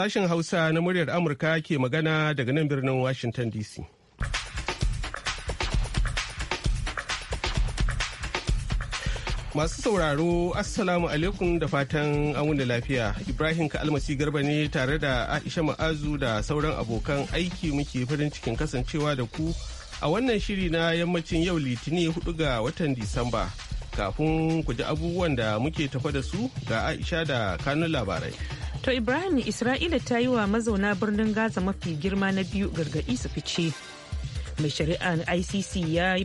Sashen Hausa na muryar Amurka ke magana daga nan birnin Washington DC. Masu sauraro, Assalamu alaikum da fatan an wuni lafiya. Ibrahim Ka'almasi Garba ne tare da Aisha Ma'azu da sauran abokan aiki muke farin cikin kasancewa da ku a wannan shiri na yammacin yau litini 4 ga watan Disamba. Kafin ku ji abubuwan da muke tafa da su ga Aisha da kanun labarai. To Ibrahim Isra'ila ta yi wa mazauna birnin Gaza mafi girma na biyu gargaɗi su fice. Mai shari'ar ICC ya yi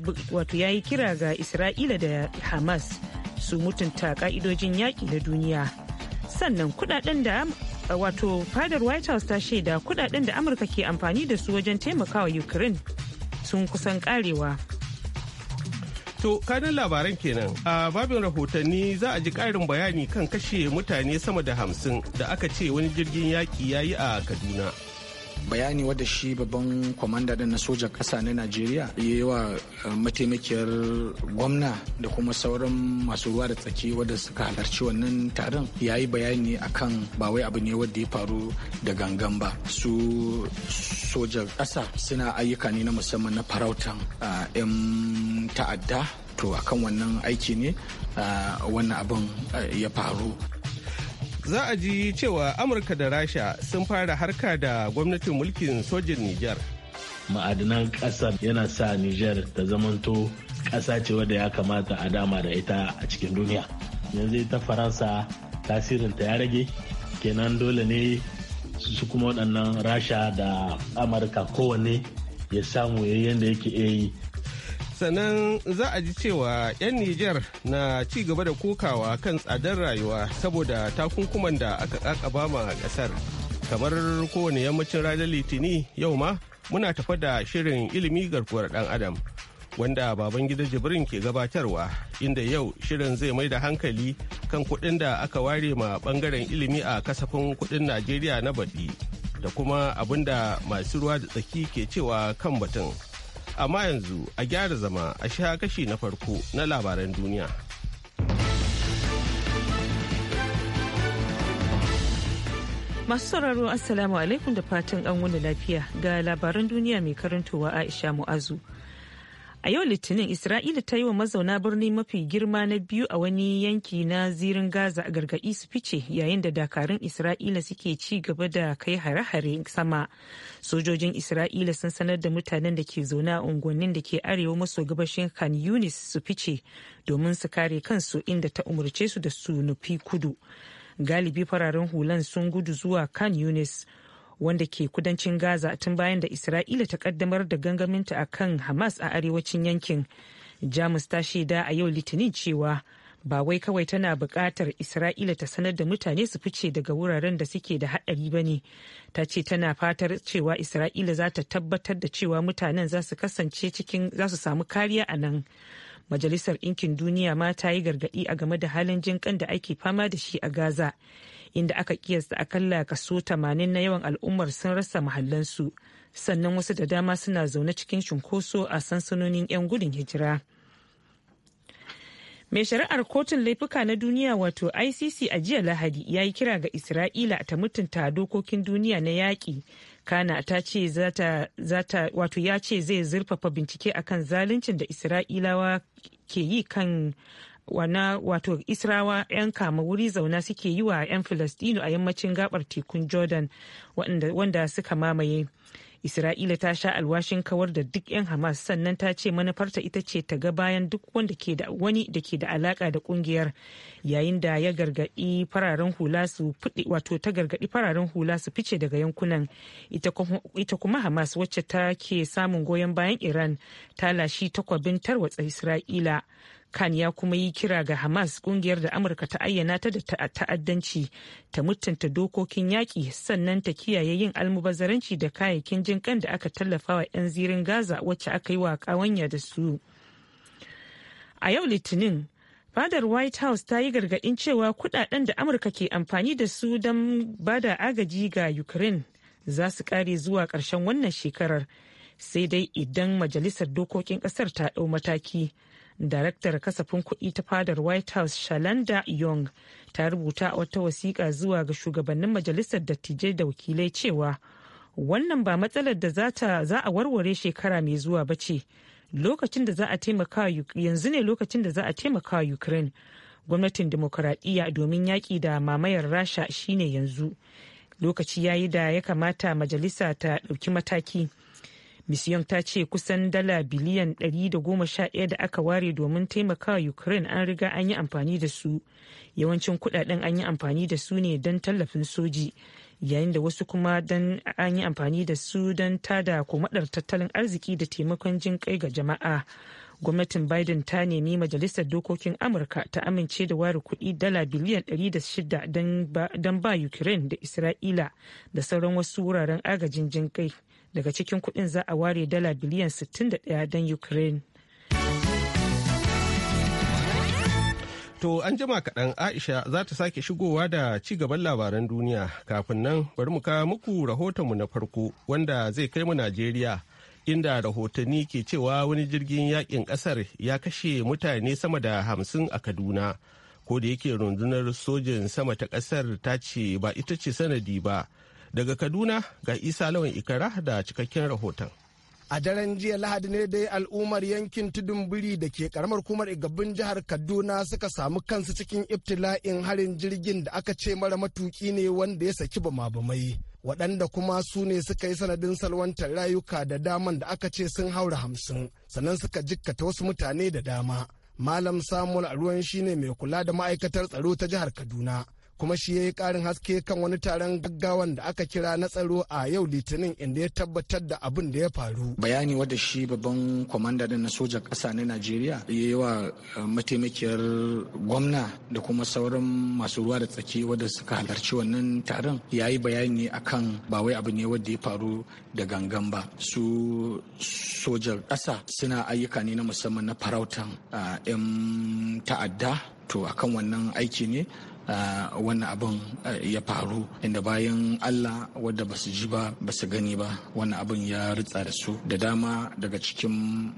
kira ga Isra'ila da Hamas su mutunta ka'idojin yaƙi na duniya. Sannan kudaden da wato fadar White House ta shaida kuɗaɗen da Amurka ke amfani da su wajen taimakawa Ukraine sun kusan ƙarewa. To kanan labaran kenan a babin rahotanni za a ji ƙarin bayani kan kashe mutane sama da hamsin da aka ce wani jirgin yaƙi ya yi a Kaduna. bayani wadda shi babban kwamanda din na sojan ƙasa na najeriya ya yi wa eh, mataimakiyar gwamna da kuma sauran masu ruwa da tsaki wadda suka halarci wannan taron ya yi bayani akan ba wai abu ne wadda ya faru da gangan ba su sojan ƙasa suna ayyuka ne na musamman na farautan 'yan eh, ta'adda to akan wannan aiki ne eh, wannan abin ya faru za a ji cewa amurka da rasha sun fara harka da gwamnatin mulkin sojin niger ma'adinan kasar yana sa niger ta zamanto kasa ce wadda ya kamata a dama da ita a cikin duniya yanzu ta faransa tasirinta ya rage kenan dole ne su kuma waɗannan rasha da amurka kowanne ya samu yayin da yake yi sannan za a ji cewa 'yan Nijar na ci gaba da kokawa kan tsadar rayuwa saboda takunkuman da aka kakaba ma kasar. Kamar kowane yammacin ranar Litini yau ma muna tafa da shirin ilimi garkuwar ɗan adam wanda baban gida jibrin ke gabatarwa inda yau shirin zai mai da hankali kan kuɗin da aka ware ma ɓangaren ilimi a kasafin kuɗin Najeriya na baɗi da kuma abin da masu ruwa da tsaki ke cewa kan batun. Amma yanzu a gyara zama a sha kashi na farko na labaran duniya. Masu sauraro Assalamu alaikum da fatan an wani lafiya ga labaran duniya mai karantowa Aisha Mu'azu. a yau litinin isra'ila ta yi wa mazauna birni mafi girma na biyu a wani yanki na zirin gaza a gargaɗi su fice yayin da dakarun isra'ila suke ci gaba da kai hare-hare sama sojojin isra'ila sun sanar da mutanen da ke zaune a unguwannin da ke arewa maso gabashin khan yunis su fice domin su kare kansu inda ta umarce su da su nufi kudu galibi fararen hulan sun gudu zuwa khan yunis wanda ke kudancin Gaza tun bayan da Isra'ila ta kaddamar da gangaminta a kan Hamas a arewacin yankin. Jamus ta shaida a yau Litinin cewa ba wai kawai tana buƙatar Isra'ila ta sanar da mutane su fice daga wuraren da suke da haɗari ba ne. Ta ce tana fatar cewa Isra'ila za ta tabbatar da cewa mutanen za su kasance cikin za su samu kariya a nan. Majalisar ɗinkin Duniya ma ta yi gargaɗi a game da halin kan da ake fama da shi a Gaza. inda aka kiyasta akalla kaso 80 na yawan al'ummar sun rasa mahallansu sannan wasu da dama suna zaune cikin cunkoso a sansanonin 'yan gudun hijira. mai shari'ar kotun laifuka na duniya wato icc a jiya lahadi ya yi kira ga isra'ila ta mutunta dokokin duniya na yaƙi kana ta ce zata wato ya ce zai zurfafa bincike akan zaluncin da isra'ilawa ke yi kan wana wato israwa 'yan kama wuri zauna suke yi wa 'yan filistino a yammacin gabar tekun jordan wanda suka mamaye isra'ila ta sha alwashin kawar da duk 'yan hamas sannan ta ce manufarta ita ce ta ga bayan duk wanda ke da wani da ke da alaka da kungiyar yayin da ya gargadi fararen hula su wato ta gargadi fararen hula su fice daga yankunan ita kuma hamas wacce ta ke samun goyon bayan iran ta lashi takwabin tarwatsa isra'ila Khan ya kuma yi kira ga Hamas kungiyar da Amurka ta ayyana ta da ta'addanci ta mutunta dokokin yaƙi sannan ta kiyaye yin almubazzaranci da kayayyakin jinƙan da aka tallafawa 'yan zirin Gaza wacce aka yi wa wanya da su. A yau Litinin, fadar White House ta yi gargaɗin cewa kudaden da Amurka ke amfani da su don bada agaji ga Ukraine za su ƙare zuwa ƙarshen wannan shekarar. Sai dai idan majalisar dokokin ƙasar ta ɗau mataki. daraktar kasafin kuɗi ta fadar white house shalanda young ta rubuta wata wasiƙa zuwa ga shugabannin majalisar dattijai da wakilai cewa wannan ba matsalar da za a warware shekara mai zuwa ba ce lokacin da za a taimaka yanzu ne lokacin da za a taimaka ukraine gwamnatin demokuraɗiyya domin yaƙi da mamayar rasha shine yanzu lokaci yayi da ya kamata majalisa ta ɗauki mataki. misiyon ta ce kusan dala biliyan 111 da aka ware domin taimakawa Ukraine an riga an yi amfani da su. Yawancin kudaden an yi amfani da su ne don tallafin soji, yayin da wasu kuma don an yi amfani da su don tada komadar tattalin arziki da taimakon jin kai ga jama'a. Gwamnatin Biden ta nemi Majalisar Dokokin Amurka ta amince da ware kuɗi dala biliyan 106 don ba Ukraine da Isra'ila da sauran wasu wuraren agajin jin kai. daga cikin kudin za a ware dala biliyan 61 don ukraine To an jima kaɗan Aisha za ta sake shigowa da ci gaban labaran duniya kafin nan bari mu kawo muku rahotonmu na farko wanda zai kai mu Najeriya inda rahotanni ke cewa wani jirgin yakin ƙasar ya kashe mutane sama da hamsin a Kaduna. Ko da yake rundunar sojin sama ta ƙasar ta ce ba ita ce sanadi ba Daga Kaduna ga Isa Lawan Ikara da cikakken rahoton. a daren jiya lahadi ne dai al'ummar yankin tudun biri da ke karamar kumar igabin jihar kaduna suka samu kansu cikin ibtila'in harin jirgin da aka ce mara matuki ne wanda ya saki bamabamai waɗanda kuma su ne suka yi sanadin salwantar rayuka da daman da aka ce sun haura hamsin sannan suka jikkata wasu mutane da dama malam samuel a ruwan shine mai kula da ma'aikatar tsaro ta jihar kaduna kuma shi ya yi karin haske kan wani taron gaggawan da aka kira na tsaro a yau litinin inda ya tabbatar da abin da ya faru bayani wadda shi babban kwamanda na sojan ƙasa na najeriya ya yi wa eh, mataimakiyar gwamna da kuma sauran masu ruwa da tsaki wadda suka halarci wannan taron ya yi bayani akan ba wai abu ne wadda ya faru da gangan ba su sojan ƙasa suna ayyuka ne na musamman na farautan eh, 'yan ta'adda to akan wannan aiki ne wannan abin ya faru inda bayan allah wadda ba su ji ba ba su gani ba wannan abin ya ritsa da su da dama daga cikin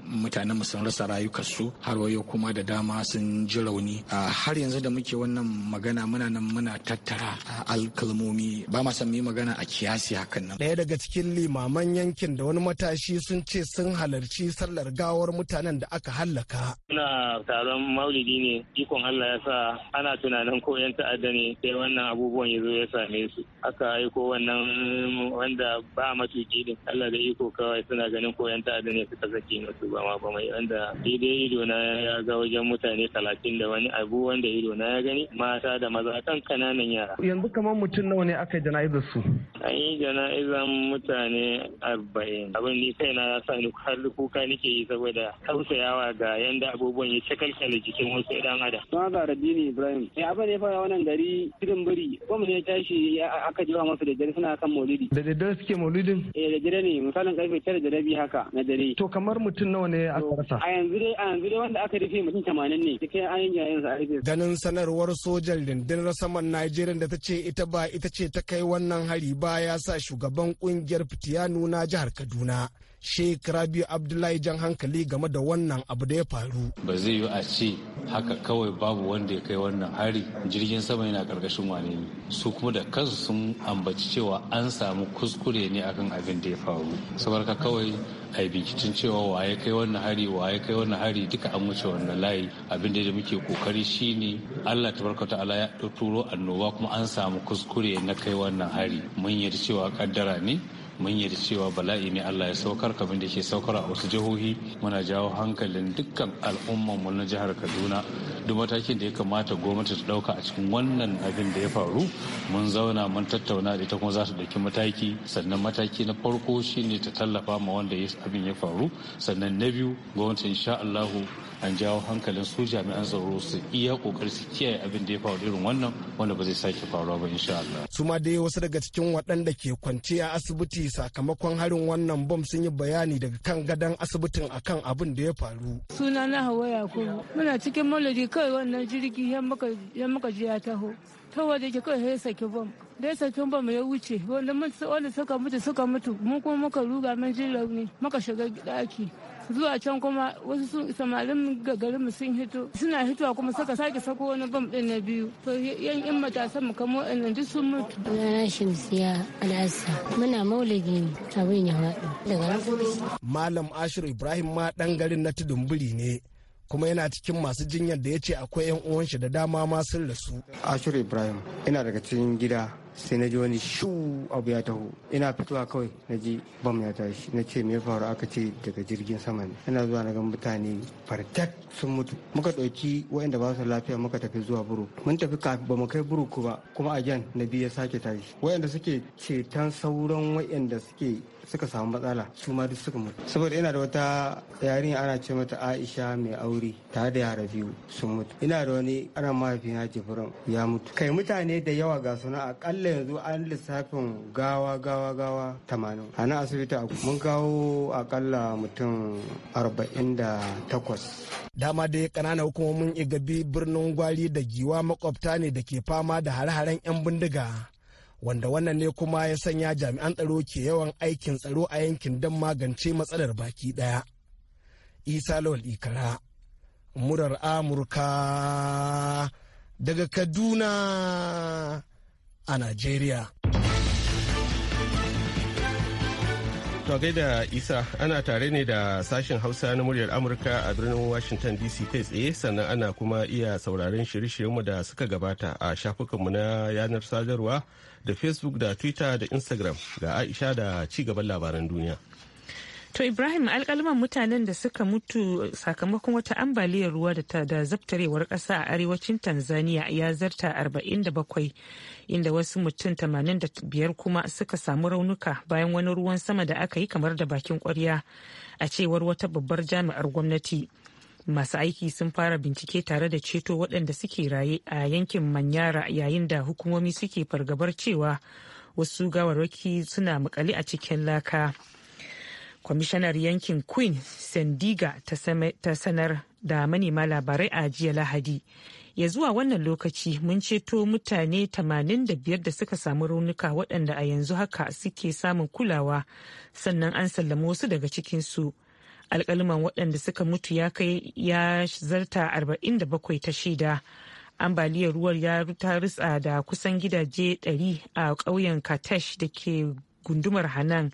mutanen sun rasa rayukansu har wayo kuma da dama sun ji rauni har yanzu da muke wannan magana muna nan muna tattara alkalmomi ba ma san magana a kiyasi hakan nan ɗaya daga cikin limaman yankin da wani matashi sun ce sun halarci sallar gawar mutanen da aka hallaka muna taron maulidi ne ikon Allah ya sa ana tunanin ko ta'adda ne sai wannan abubuwan ya zo ya same su aka aiko wannan wanda ba matuki din Allah da iko kawai suna ganin koyan ta'adda ne suka zaki musu ba ma ba mai wanda daidai ido na ya ga wajen mutane talatin da wani abu wanda ido na ya gani mata da maza kan kananan yara yanzu kamar mutum nawa ne aka jana'izar su an yi jana'izar mutane arba'in abin ni kaina ya sa ni har kuka nake yi saboda tausayawa ga yanda abubuwan ya cakalkala jikin wasu idan adam. Sana Zara Ibrahim. Ya abin ya fara wannan gari cikin biri kuma ne tashi aka jiwa masu da dare suna kan maulidi da daddare suke maulidin eh da dare ne misalin karfe tara da rabi haka na dare to kamar mutum nawa ne aka rasa a yanzu dai a yanzu dai wanda aka rufe mutum 80 ne cikin ayin yayin sa ganin sanarwar sojan rundunar saman Najeriya da ta ce ita ba ita ce ta kai wannan hari ba ya sa shugaban kungiyar Fitiyanu na jihar Kaduna Sheikh Rabi Abdullahi jan hankali game da wannan abu da ya faru. Ba zai yi a ce haka kawai babu wanda ya kai wannan hari jirgin sama yana karkashin wane ne. Su kuma da kansu sun ambaci cewa an samu kuskure ne akan abin da ya faru. Sabarka kawai a yi bincicin cewa waye kai wannan hari waye kai wannan hari duka an wuce wannan layi abin da muke kokari shine Allah ta ta'ala ya turo annoba kuma an samu kuskure na kai wannan hari mun yarda cewa kaddara ne mun yi cewa bala'i ne Allah ya saukar kamar da ke saukar a wasu jihohi muna jawo hankalin dukkan al'umman mu na jihar Kaduna duk matakin da ya kamata gwamnati ta dauka a cikin wannan abin da ya faru mun zauna mun tattauna da ita kuma za ta dauki mataki sannan mataki na farko shine ta tallafa ma wanda abin ya faru sannan na biyu gwamnati insha Allah an jawo hankalin su jami'an tsaro su iya kokari su kiyaye abin da ya faru irin wannan wanda ba zai sake faruwa ba insha Allah su ma dai wasu daga cikin waɗanda ke kwance a asibiti sakamakon harin wannan bom sun yi bayani daga kan gadon asibitin akan abin da ya faru. Suna na hawa yakubu muna cikin maladi kawai wannan jirgi ya maka ya taho. Tawa da ke kawai ya saki bom. dai sakin ba bom ya wuce wanda suka mutu suka mutu mun kuma muka ruga mun ji rauni muka shiga daki zuwa can kuma wasu sun samarin garin mu sun hito suna hitowa kuma saka sake sako wani bam din na biyu to yan in matasan mu kamo wannan duk sun mutu na shamsiya alasa muna maulidi abin ya haɗu daga malam ashir ibrahim ma dan garin na tudumburi ne kuma yana cikin masu jinyar da ya ce akwai 'yan uwan shi da dama ma sun rasu. Ashir Ibrahim ina daga cikin gida sai na ji wani shu abu ya taho ina fitowa kawai na ji bam ya tashi na ce me faru aka ce daga jirgin sama ne ina zuwa na ga mutane fartak sun mutu muka ɗauki waɗanda ba su lafiya muka tafi zuwa buru mun tafi kafin ba mu kai buru ba kuma a jan na biyu ya sake tashi waɗanda suke ceton sauran waɗanda suke suka samu matsala su ma duk suka mutu saboda ina da wata yarinya ana ce mata aisha mai aure tare da yara biyu sun mutu ina da wani ana mahaifina jibrin ya mutu kai mutane da yawa ga suna a Allah yanzu an lissafin gawa gawa gawa tamanin a nan asibiti mun gawo akalla mutum arba'in da takwas dama dai kananan hukumomin igabi birnin gwari da giwa makwabta ne da ke fama da hare-haren 'yan bindiga wanda wannan ne kuma ya sanya jami'an tsaro ke yawan aikin tsaro a yankin don magance matsalar baki daya isa lawal ikara murar amurka daga kaduna a Najeriya. To da Isa ana tare ne da sashen Hausa na muryar Amurka a birnin Washington DC kai tsaye sannan ana kuma iya sauraron shirye-shiryenmu da suka gabata a shafukanmu na yanar sadarwa da Facebook da Twitter da Instagram ga Aisha da ci gaban labaran duniya. To Ibrahim alkalaman mutanen da suka mutu sakamakon wata ambaliyar ruwa da ta da zabtarewar kasa a arewacin Tanzania ya zarta 47 inda wasu mutum 85 kuma suka samu raunuka bayan wani ruwan sama da aka yi kamar da bakin kwarya a cewar wata babbar jami'ar gwamnati. Masu aiki sun fara bincike tare da ceto waɗanda suke raye a yankin Manyara yayin da hukumomi suke fargabar cewa wasu gawarwaki suna makale a cikin laka. kwamishinar yankin queen sandiga ta sanar da manema labarai a jiya lahadi ya zuwa wannan lokaci mun ceto mutane 85 da suka samu raunuka waɗanda a yanzu haka suke samun kulawa sannan an sallama wasu daga cikinsu alkaliman waɗanda suka mutu ya kai ya zarta 47 ta shida ambaliyar ruwar ya ta rutsa da kusan gidaje 100 a ƙauyen katesh da ke gundumar hanan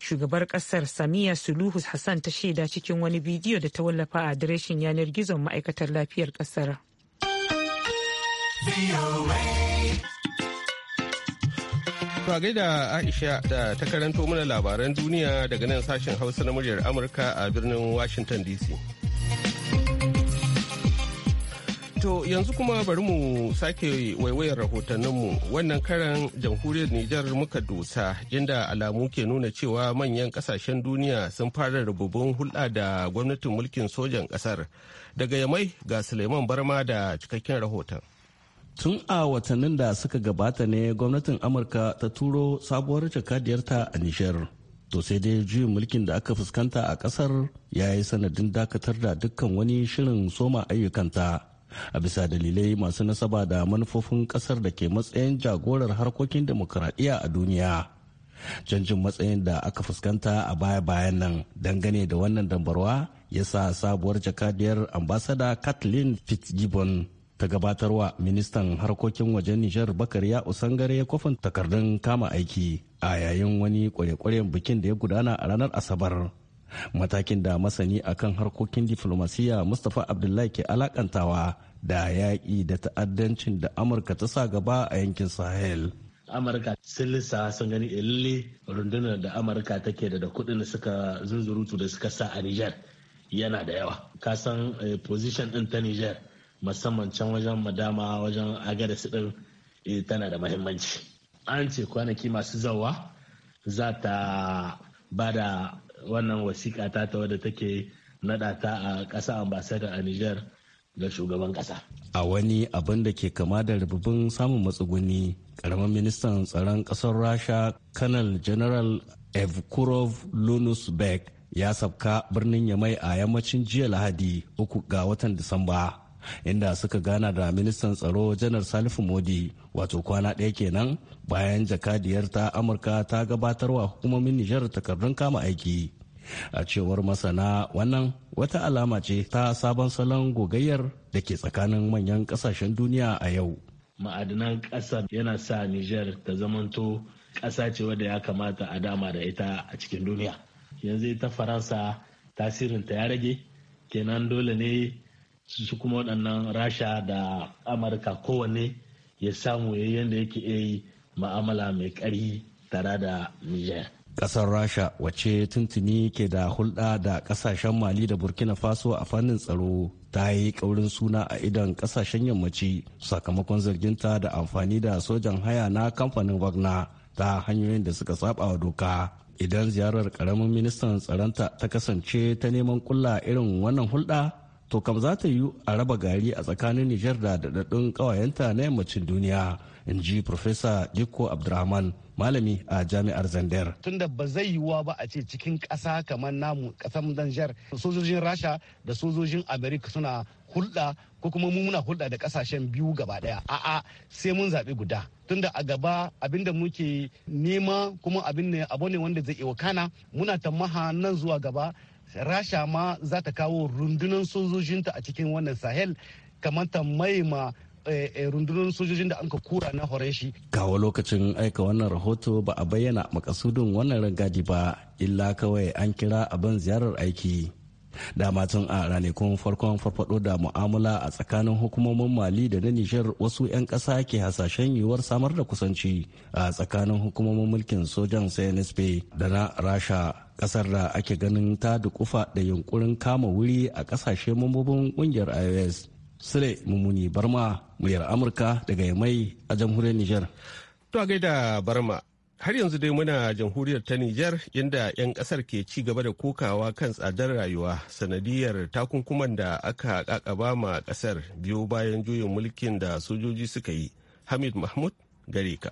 shugabar kasar samiya suluhu hassan ta shaida cikin wani bidiyo da ta wallafa a adireshin yanar gizon ma'aikatar lafiyar kasar To gaida Aisha da ta karanto mana labaran duniya daga nan sashen Hausa na muryar Amurka a birnin Washington DC. To yanzu kuma bari mu sake waiwayar rahotanninmu wannan karan jamhuriyar Nijar muka dosa inda alamu ke nuna cewa manyan kasashen duniya sun fara rububin hulɗa da gwamnatin mulkin sojan ƙasar. Daga yamai ga Suleiman Barma da cikakken rahoton. Tun a watannin da suka gabata ne gwamnatin Amurka ta turo sabuwar jakadiyarta a Nijar. to sai dai juyin mulkin da aka fuskanta a kasar ya yi sanadin dakatar da dukkan wani shirin soma ayyukanta a bisa dalilai masu nasaba da manufofin kasar da ke matsayin jagorar harkokin demokuraɗiyya a duniya canjin matsayin da aka fuskanta a baya-bayan nan dangane da wannan dambarwa ya sa sabuwar jakadiyar ambasada kathleen fitzgibbon ta gabatarwa ministan harkokin wajen nijar bakariya usangare ya kofin takardun kama aiki a yayin wani kwale-kwalen bikin da ya gudana a ranar asabar matakin da masani akan harkokin diflomasiyya mustapha abdullahi ke alakantawa da yaƙi da ta'addancin da amurka ta sa gaba a yankin sahel amurka sun lissa sun gani eh, lalle rundunar da amurka take da kudin da suka zunzurutu da suka sa a niger yana da yawa Ka san eh, position din ta niger musamman can wajen madama wajen agadis din eh, tana da mahimmanci an ce kwanaki masu zawa za ta ba da wannan wasiƙa ta ta wadda take naɗa ta a ƙasa ambasada a Nijar ga shugaban ƙasa. A wani abin da ke kama da rububin samun matsuguni, ƙaramin ministan tsaron ƙasar Rasha, Kanal General Evkurov Lunusbek ya sabka birnin Yamai a yammacin jiya Lahadi uku ga watan Disamba. inda suka gana da ministan tsaro janar salifu modi wato kwana ɗaya kenan bayan jakadiyar ta amurka ta gabatarwa hukumomin nijar takardun kama aiki a cewar masana wannan wata alama ce ta sabon salon gogayyar da ke tsakanin manyan kasashen duniya a yau ma'adinan ƙasa yana sa niger ta zamanto ƙasa ce wadda ya kamata a dama da ita a cikin duniya yanzu ta faransa tasirinta ya rage kenan dole ne su kuma waɗannan rasha da amurka kowanne ya samu yadda yake yi ma'amala mai ƙari tare da niger kasar Rasha wace tuntuni ke da hulɗa da ƙasashen Mali da Burkina Faso a fannin tsaro ta yi ƙaurin suna a idan ƙasashen yammaci sakamakon zarginta da amfani da sojan haya na kamfanin Wagner ta hanyoyin da suka saba wa doka. Idan ziyarar karamin ministan tsaronta ta kasance ta neman kulla irin wannan hulɗa, to kam za ta yiwu a raba gari a tsakanin Nijar da daɗaɗɗun ƙawayenta na yammacin duniya. in ji Profesa Jiko Abdurrahman malami a jami'ar Zandar. Tunda ba zai yiwuwa ba a ce cikin ƙasa kamar namu ƙasar Zanjar sojojin Rasha da sojojin Amerika suna hulɗa ko kuma mu muna hulɗa da ƙasashen biyu gaba ɗaya a'a sai mun zaɓi guda tunda a gaba abinda muke nema kuma abin ne abu ne wanda zai kana muna tamaha nan zuwa gaba rasha ma za ta kawo rundunan sojojinta a cikin wannan sahel kamar ta maima Eh, eh, rundunar sojojin da an kura na horeshi kawo lokacin aika wannan rahoto ba a bayyana makasudin wannan rangadi ba illa kawai an kira abin ziyarar aiki dama tun a ranakun farkon farfado da mu'amala a tsakanin hukumomin mali da na nijar wasu 'yan ƙasa ke hasashen yiwuwar samar da kusanci a tsakanin hukumomin mulkin sojan cnsp da na rasha ƙasar da ake ganin ta dukufa da yunkurin kama wuri a ƙasashe mambobin ƙungiyar ios Sule Mumuni Barma muryar Amurka daga Yamai a jamhuriyar Nijar. To a gaida Barma har yanzu dai muna jamhuriyar ta Nijar inda 'yan kasar ke ci gaba da kokawa kan tsadar rayuwa sanadiyar takunkuman da aka kakaba ma kasar biyo bayan juyin mulkin da sojoji suka yi. Hamid Mahmud gare ka.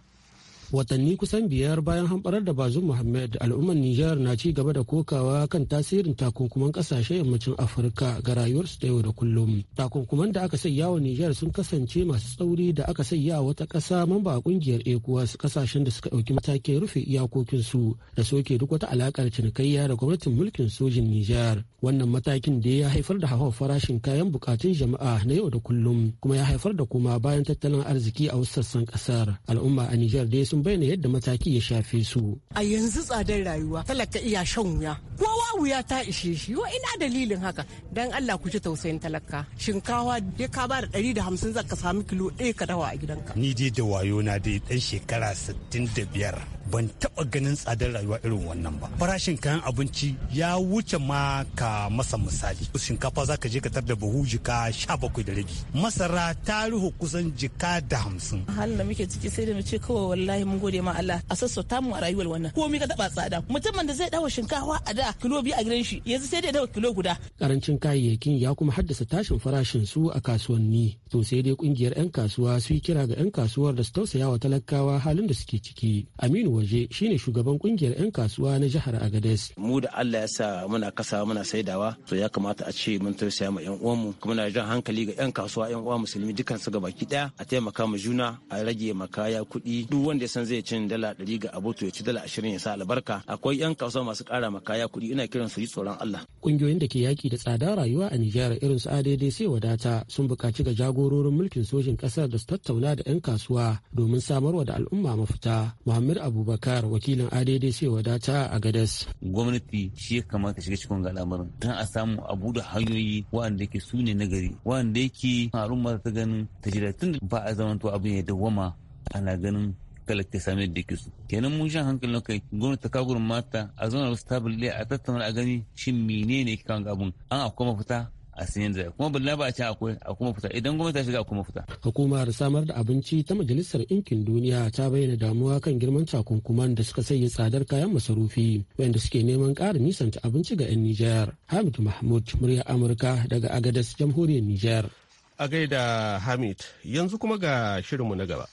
watanni kusan biyar bayan hamɓarar da bazum muhammad al'ummar nijar na ci gaba da kokawa kan tasirin takunkuman ƙasashen yammacin afirka ga rayuwarsu da yau da kullum takunkuman da aka sanya wa nijar sun kasance masu tsauri da aka sanya wata ƙasa mamba a ƙungiyar su ƙasashen da suka ɗauki matakin rufe iyakokinsu da soke duk wata alaƙar cinikayya da gwamnatin mulkin sojin nijar wannan matakin da ya haifar da hawan farashin kayan bukatun jama'a na yau da kullum kuma ya haifar da kuma bayan tattalin arziki a wasu sassan ƙasar al'umma a nijar dai sun bayyana yadda mataki ya shafe su. A yanzu tsadar rayuwa talaka iya shan wuya. Kowa wuya ta ishe shi wa ina dalilin haka dan Allah ku ci tausayin talaka. Shinkawa dai ka ba da ɗari da hamsin zaka sami kilo ɗaya ka dawa a gidanka. Ni dai da wayo na dai ɗan shekara sittin da biyar ban taɓa ganin tsadar rayuwa irin wannan ba farashin kayan abinci ya wuce ma ka masa misali shinkafa za ka je ka tar da buhu jika sha bakwai da rabi masara ta ruhu kusan jika da hamsin halin da muke ciki sai da mu ce kawai wallahi mun gode ma Allah a ta mu a rayuwar wannan mi ka taɓa tsada mutumin da zai dawo shinkafa a da kilo biyu a gidan shi yanzu sai da dawo kilo guda karancin kayayyakin ya kuma haddasa tashin farashin su a kasuwanni to sai dai kungiyar 'yan kasuwa su yi kira ga 'yan kasuwar da su tausaya wa talakawa halin da suke ciki aminu waje shine shugaban kungiyar 'yan kasuwa na jihar Agades. Mu da Allah ya sa muna kasa muna saidawa to ya kamata a ce mun tausaya ma 'yan uwanmu kuma na jan hankali ga 'yan kasuwa 'yan uwa musulmi dukkan su gabaki daya a taimaka ma juna a rage makaya kuɗi duk wanda ya san zai cin dala ɗari ga to ya ci dala ashirin ya sa albarka akwai 'yan kasuwa masu kara makaya kaya kuɗi ina kiran su yi tsoron Allah. Kungiyoyin da ke yaki da tsada rayuwa a Nijar irin su ADD sai wadata sun buƙaci ga jagororin mulkin sojin ƙasar da su tattauna da 'yan kasuwa domin samarwa da al'umma mafita. Muhammad Abu abubakar wakilin adaidace wadata a gadas gwamnati shi ya kamata shiga cikin al'amarin don a samu abu da hanyoyi wanda ke su ne na gari wanda yake al'umma ta ganin ta jira tun ba a zamanto abin ya dawwama ana ganin kalar ta same da ke su kenan mun shan hankalin kai gwamnati ta kagurin mata a da wasu tabul a tattauna a gani shin menene ga abun an akwai mafita a san zai kuma bulla ba a akwai a kuma fita idan gwamnati ta shiga a kuma fita. hukumar samar da abinci ta majalisar ɗinkin duniya ta bayyana damuwa kan girman takunkuman da suka sanya tsadar kayan masarufi wanda suke neman ƙara nisanta abinci ga 'yan nijar hamid mahmud murya amurka daga agadas jamhuriyar nijar. a gaida hamid yanzu kuma ga shirin mu na gaba.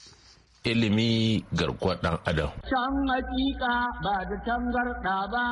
ilimi garkuwar ɗan adam. Can hakika ba da tangarɗa ba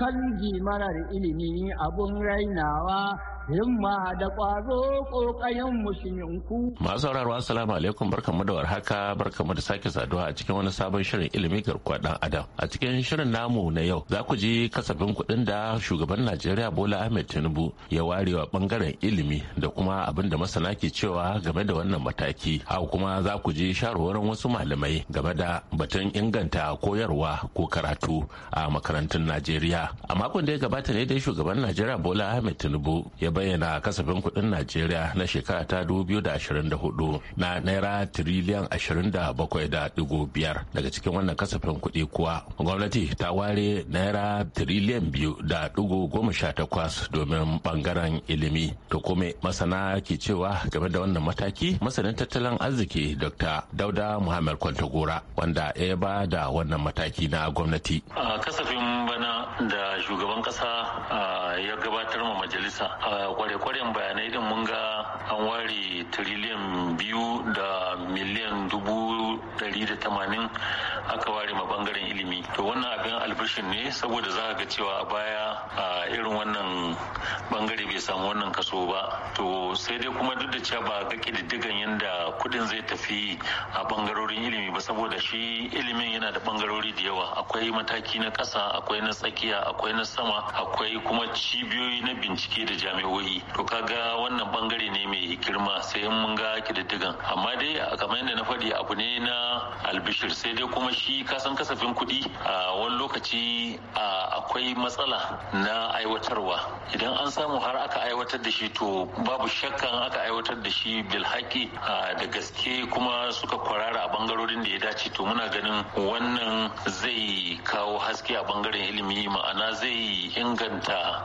kan marar ilimi abun rainawa himma da ƙwazo ƙoƙayen musulminku. Masu sauraro assalamu alaikum barkamu da warhaka barkamu da sake saduwa a cikin wani sabon shirin ilimi garkuwa ɗan adam. A cikin shirin namu na yau za ku ji kasafin kuɗin da shugaban Najeriya Bola Ahmed Tinubu ya warewa bangaren ilimi da kuma abin da masana ke cewa game da wannan mataki. Haka kuma za ku ji shawarwarin wasu malamai game da batun inganta koyarwa ko karatu a makarantun Najeriya. A makon da ya gabata ne dai shugaban Najeriya Bola Ahmed Tinubu ya bayyana kasafin kuɗin najeriya na shekara ta 2024 na naira tiriliyan 27.5 daga cikin wannan kasafin kuɗi kuwa gwamnati ta ware naira tiriliyan 2.18 domin bangaren ilimi to kome masana ke cewa game da wannan mataki masanin tattalin arziki dr dauda muhammad kwantagora wanda ya ba da wannan mataki na gwamnati a kasafin bana da shugaban kasa ya gabatar ma majalisa kware-kwaren bayanai din mun ga an ware tiriliyan biyu da miliyan dubu dari da tamanin aka ware ma bangaren ilimi to wannan abin albishin ne saboda za ga cewa a baya a irin wannan bangare bai samu wannan kaso ba to sai dai kuma duk da cewa ba ga kididdigan yadda kudin zai tafi a bangarorin ilimi ba saboda shi ilimin yana da bangarori da yawa akwai mataki na kasa akwai na tsakiya akwai na sama akwai kuma cibiyoyi na bincike da jami'o'i to kaga wannan bangare ne mai girma sai mun ga kididdigan amma dai a kamar yadda na faɗi abu ne na albishir sai dai kuma shi kasan kasafin kuɗi a wani lokaci akwai matsala na aiwatarwa idan an samu har aka aiwatar da shi to babu shakkan aka aiwatar da shi bilhaki da gaske kuma suka kwarara a bangarorin da ya dace to muna ganin wannan zai kawo haske a bangaren ilimi ma'ana zai inganta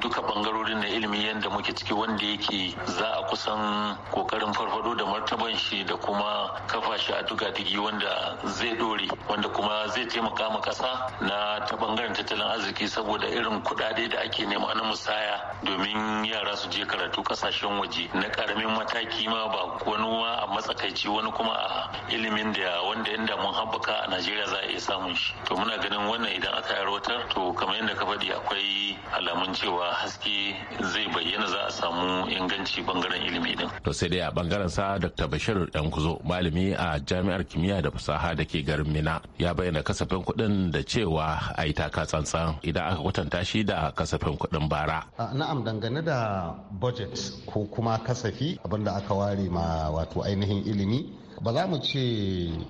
duka bangarorin na ilimi yadda muke ciki wanda yake za a kusan kokarin farfado da martaban shi da kuma kafa shi a duka digi wanda zai dore wanda kuma zai taimaka ma kasa na ta bangaren tattalin arziki saboda irin kuɗaɗe da ake nema na musaya domin yara su je karatu kasashen waje na karamin mataki ma ba wani ma a matsakaici wani kuma a ilimin da wanda inda mun haɓaka a najeriya za a iya samun shi to muna ganin wannan idan aka yarwatar to kamar yadda ka faɗi akwai alamun cewa cewa haske zai bayyana za a samu inganci bangaren ilimi din to sai dai a bangaren sa dr bashir dan malami a jami'ar kimiyya da fasaha da ke garin mina ya bayyana kasafin kuɗin da cewa a yi taka tsantsan idan aka kwatanta shi da kasafin kuɗin bara na'am dangane da budget ko kuma kasafi abinda aka ware ma wato ainihin ilimi ba za mu ce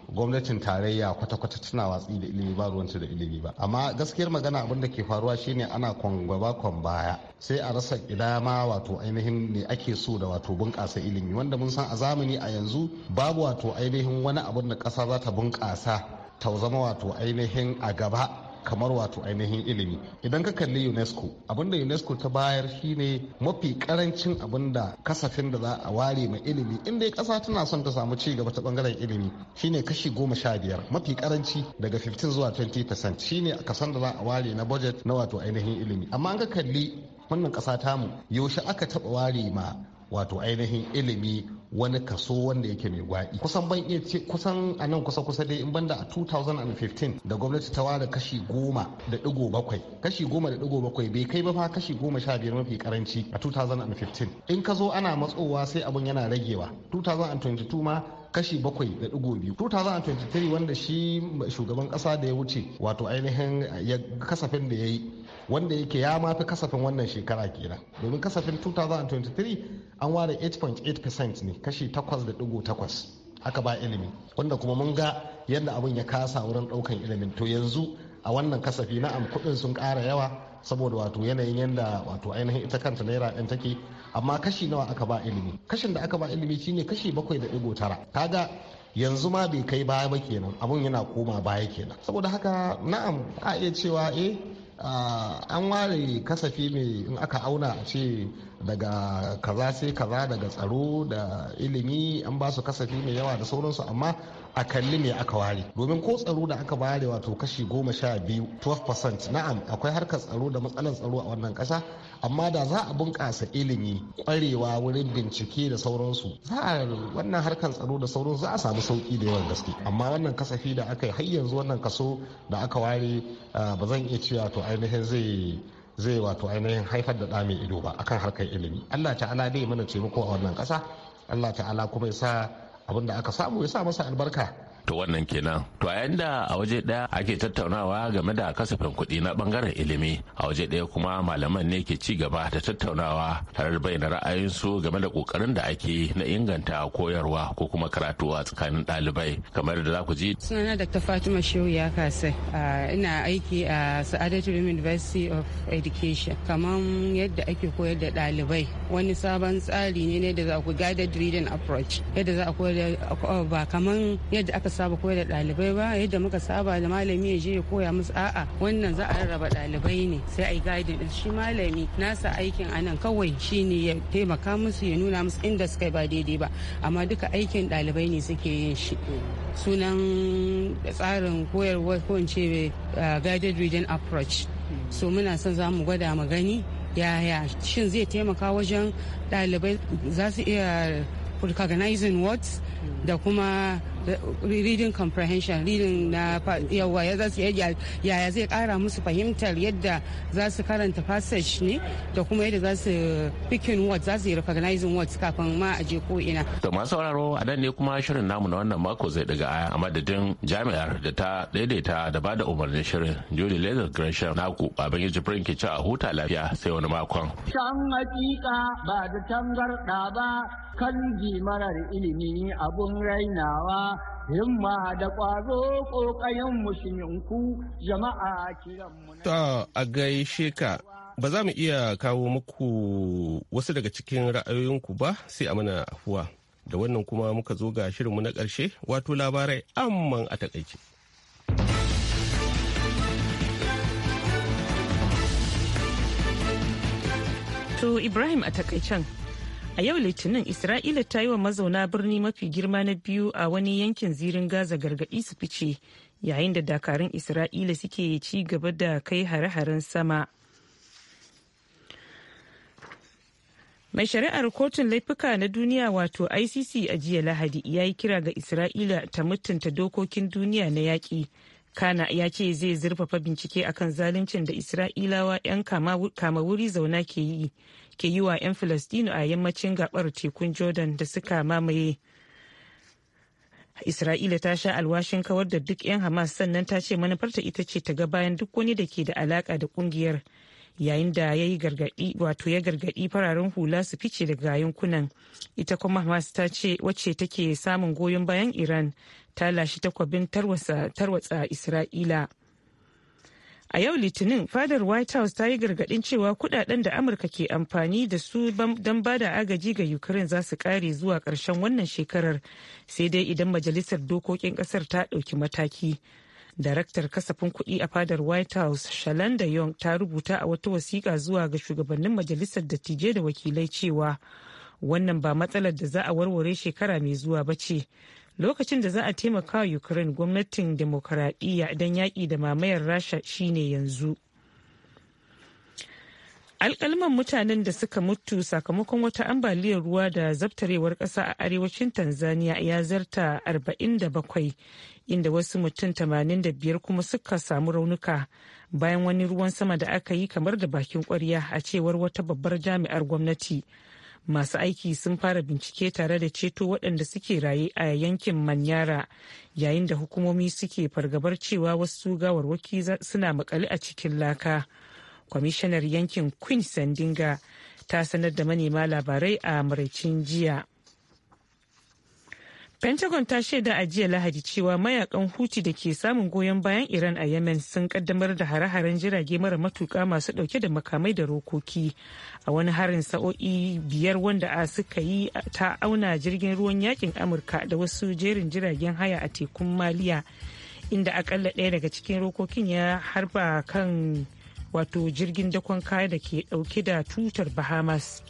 gwamnatin tarayya kwata-kwata tana watsi da ilimi ba ruwanta da ilimi ba amma gaskiyar magana abin da ke faruwa shine ana kwangwaba kwan baya sai a rasa ina ma wato ainihin ne ake so da wato bunƙasa ilimi wanda mun san a zamani a yanzu babu wato ainihin wani abin da ƙasa za ta bunƙasa ta zama wato ainihin a gaba kamar wato ainihin ilimi idan ka kalli unesco abinda unesco ta bayar shine mafi karancin abinda kasafin da za a ware mai ilimi inda kasa tana son ta samu ci gaba ta bangaren ilimi shine kashi goma sha biyar mafi karanci daga 15 zuwa 20 percent shine kasan da za a ware na budget na wato ainihin ilimi amma an ka kalli wannan kasa tamu yaushe aka taba ware ma wato ainihin ilimi wani kaso wanda yake mai gwaɗi kusan ban iya ce kusan a nan kusa kusa dai in banda a 2015 da gwamnati ta ware kashi goma da digo bakwai kashi goma da digo bakwai bai kai ba fa kashi goma sha biyar mafi karanci a 2015 in ka zo ana matsowa sai abun yana ragewa 2022 ma kashi bakwai da digo biyu 2023 wanda shi shugaban kasa da ya wuce wato ainihin kasafin da ya yi wanda yake ya mafi kasafin wannan shekara kenan domin kasafin 2023 an ware 8.8% ne kashi 8.8 aka ba ilimi wanda kuma mun ga yadda abin ya kasa wurin daukan ilimin to yanzu a wannan kasafi na'am kudin sun kara yawa saboda wato yanayin yadda wato ainihin ita kanta naira ɗin take amma kashi nawa aka ba ilimi kashin da aka ba ilimi shine kashi bakwai da ɗigo tara kaga yanzu ma bai kai baya ba kenan abun yana koma baya kenan saboda haka na'am a iya cewa eh Ah, an ware kasafi mai in aka auna a ce daga kaza sai kaza daga tsaro da ilimi an ba su kasafi mai yawa da sauransu amma a kalli ne aka ware domin ko tsaro da aka ware wato kashi goma sha biyu 12% na'am akwai harkar tsaro da matsalar tsaro a wannan kasa amma da za a bunƙasa ilimi kwarewa wurin bincike da sauransu za a wannan harkar tsaro da sauransu za a samu sauki da yawan gaske amma wannan kasafi da aka yi har yanzu wannan kaso da aka ware ah, ba zan iya cewa to ainihin zai zai wato ainihin haifar da ɗa mai ido ba akan harkar ilimi allah ta'ala dai mana taimako a wannan ƙasa allah ta'ala kuma ya sa abin da aka samu ya sa masa albarka to wannan kenan to a yanda a waje daya ake tattaunawa game da kasafin kuɗi na bangaren ilimi a waje daya kuma malaman ne ke ci gaba da tattaunawa tare da bayyana ra'ayinsu game da kokarin da ake na inganta koyarwa ko kuma karatu a tsakanin ɗalibai kamar da za ku ji sunana dr fatima shehu ya kasa ina aiki a sa'adatu university of education kamar yadda ake koyar da ɗalibai wani sabon tsari ne da za ku guided reading approach yadda za a koyar ba kamar yadda aka saba koyar da ɗalibai ba yadda muka saba da malami ya je ya koya musu a'a wannan za a rarraba ɗalibai ne sai a yi guiding din shi malami nasa aikin anan kawai shine ya taimaka musu ya nuna musu inda suka ba daidai ba amma duka aikin ɗalibai ne suke yin shi sunan tsarin koyarwa ko in ce eh, guided reading approach so muna son za mu gwada mu gani yaya shin zai taimaka wajen ɗalibai za su iya recognizing words da kuma reading comprehension reading na yawa ya za su yaya zai kara musu fahimtar yadda za su karanta passage ne da kuma yadda za su picking words za su yi recognizing words kafin ma a je ko ina to masu sauraro a nan ne kuma shirin namu na wannan mako zai daga aya a madadin jami'ar da ta daidaita da ba da umarnin shirin juli Leather Gresham naku baban yi jibrin ke ci a huta lafiya sai wani makon can hakika ba da tangarda ba kan ji marar ilimi abun rainawa himma da ƙwazo ƙoƙayen musulminku jama'a kiranmu. Ta a gaishe ka ba za mu iya kawo muku wasu daga cikin ra'ayoyinku ba sai a mana afuwa. Da wannan kuma muka zo ga shirinmu na ƙarshe wato labarai amman a taƙaice. To Ibrahim a takaicen A yau Litinin Isra'ila ta yi wa mazauna birni mafi girma na biyu a wani yankin zirin Gaza gargaɗi su fice yayin da dakarun Isra'ila suke ci gaba da kai hare-haren sama. Mai shari'ar kotun laifuka na duniya wato ICC a jiya Lahadi ya yi kira ga Isra'ila ta mutunta dokokin duniya na yaƙi kana ya ce zai zurfafa bincike akan zaluncin da isra'ilawa 'yan kama wuri zauna ke yi ke yi wa 'yan filistino a yammacin gabar tekun jordan da suka mamaye isra'ila ta sha alwashin kawar da duk 'yan hamas sannan ta ce manufarta ita ce ta ga bayan duk wani da ke da alaka da kungiyar yayin da ya yi gargadi wato ya gargadi fararen hula su fice daga yankunan ita kuma hamas ta ce wacce take samun goyon bayan iran ta lashe takwabin tarwatsa isra'ila a yau litinin fadar white house ta yi gargadin cewa kudaden da amurka ke amfani da su don bada agaji ga ukraine za su kare zuwa ƙarshen wannan shekarar sai dai idan majalisar dokokin ƙasar ta ɗauki mataki daraktar kasafin kuɗi a fadar white house shalanda young ta rubuta a wata wasiƙa zuwa ga shugabannin majalisar dattijai da wakilai cewa wannan ba matsalar da za a warware shekara mai zuwa ba ce lokacin da za a taimaka wa ukraine gwamnatin demokaradiyya don yaƙi da mamayar rasha shine yanzu alkalman mutanen da suka mutu sakamakon wata ambaliyar ruwa da zabtarewar ƙasa a arewacin tanzania ya zarta 47 inda wasu mutum 85 kuma suka samu raunuka bayan wani ruwan sama da aka yi kamar da bakin kwarya a cewar wata babbar jami'ar gwamnati. masu aiki sun fara bincike tare da ceto waɗanda suke raye a yankin manyara yayin da hukumomi suke fargabar cewa wasu gawarwaki suna makali a cikin laka kwamishinar yankin queen sandinga ta sanar da manema labarai a maraicin jiya Pentagon ta shaida a jiya Lahadi cewa mayakan huti da ke samun goyon bayan Iran a Yemen sun kaddamar da hare-haren jirage mara matuka masu dauke da makamai da rokoki a wani harin sa'o'i biyar wanda a suka yi ta auna jirgin ruwan yakin Amurka da wasu jerin jiragen haya a tekun Maliya inda akalla ɗaya daga cikin rokokin ya harba kan wato jirgin dakon kaya da ke dauke da tutar Bahamas.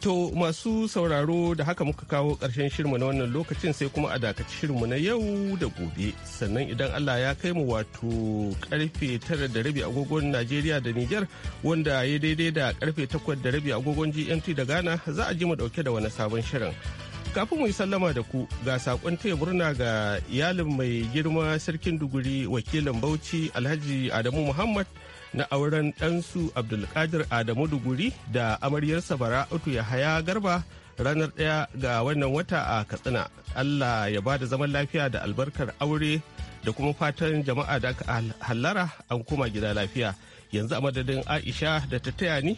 To masu sauraro da haka muka kawo ƙarshen shirmu na wannan lokacin sai kuma a dakaci shirmu na yau da gobe. Sannan idan Allah ya kai mu wato karfe tara da rabi agogon Najeriya da Nijar wanda ya daidai da karfe takwas da rabi agogon GMT da Ghana za a ji mu dauke da wani sabon shirin. Kafin mu yi sallama da ku ga sakon taya murna ga iyalin mai girma sarkin duguri wakilin Bauchi Alhaji Adamu Muhammad na auren ɗansu abdulkadir adamu duguri da amaryarsa bara'atu yahaya garba ranar ɗaya ga wannan wata a katsina allah ya ba da zaman lafiya da albarkar aure da kuma fatan jama'a da aka hallara an koma gida lafiya yanzu a madadin aisha da ta taya ni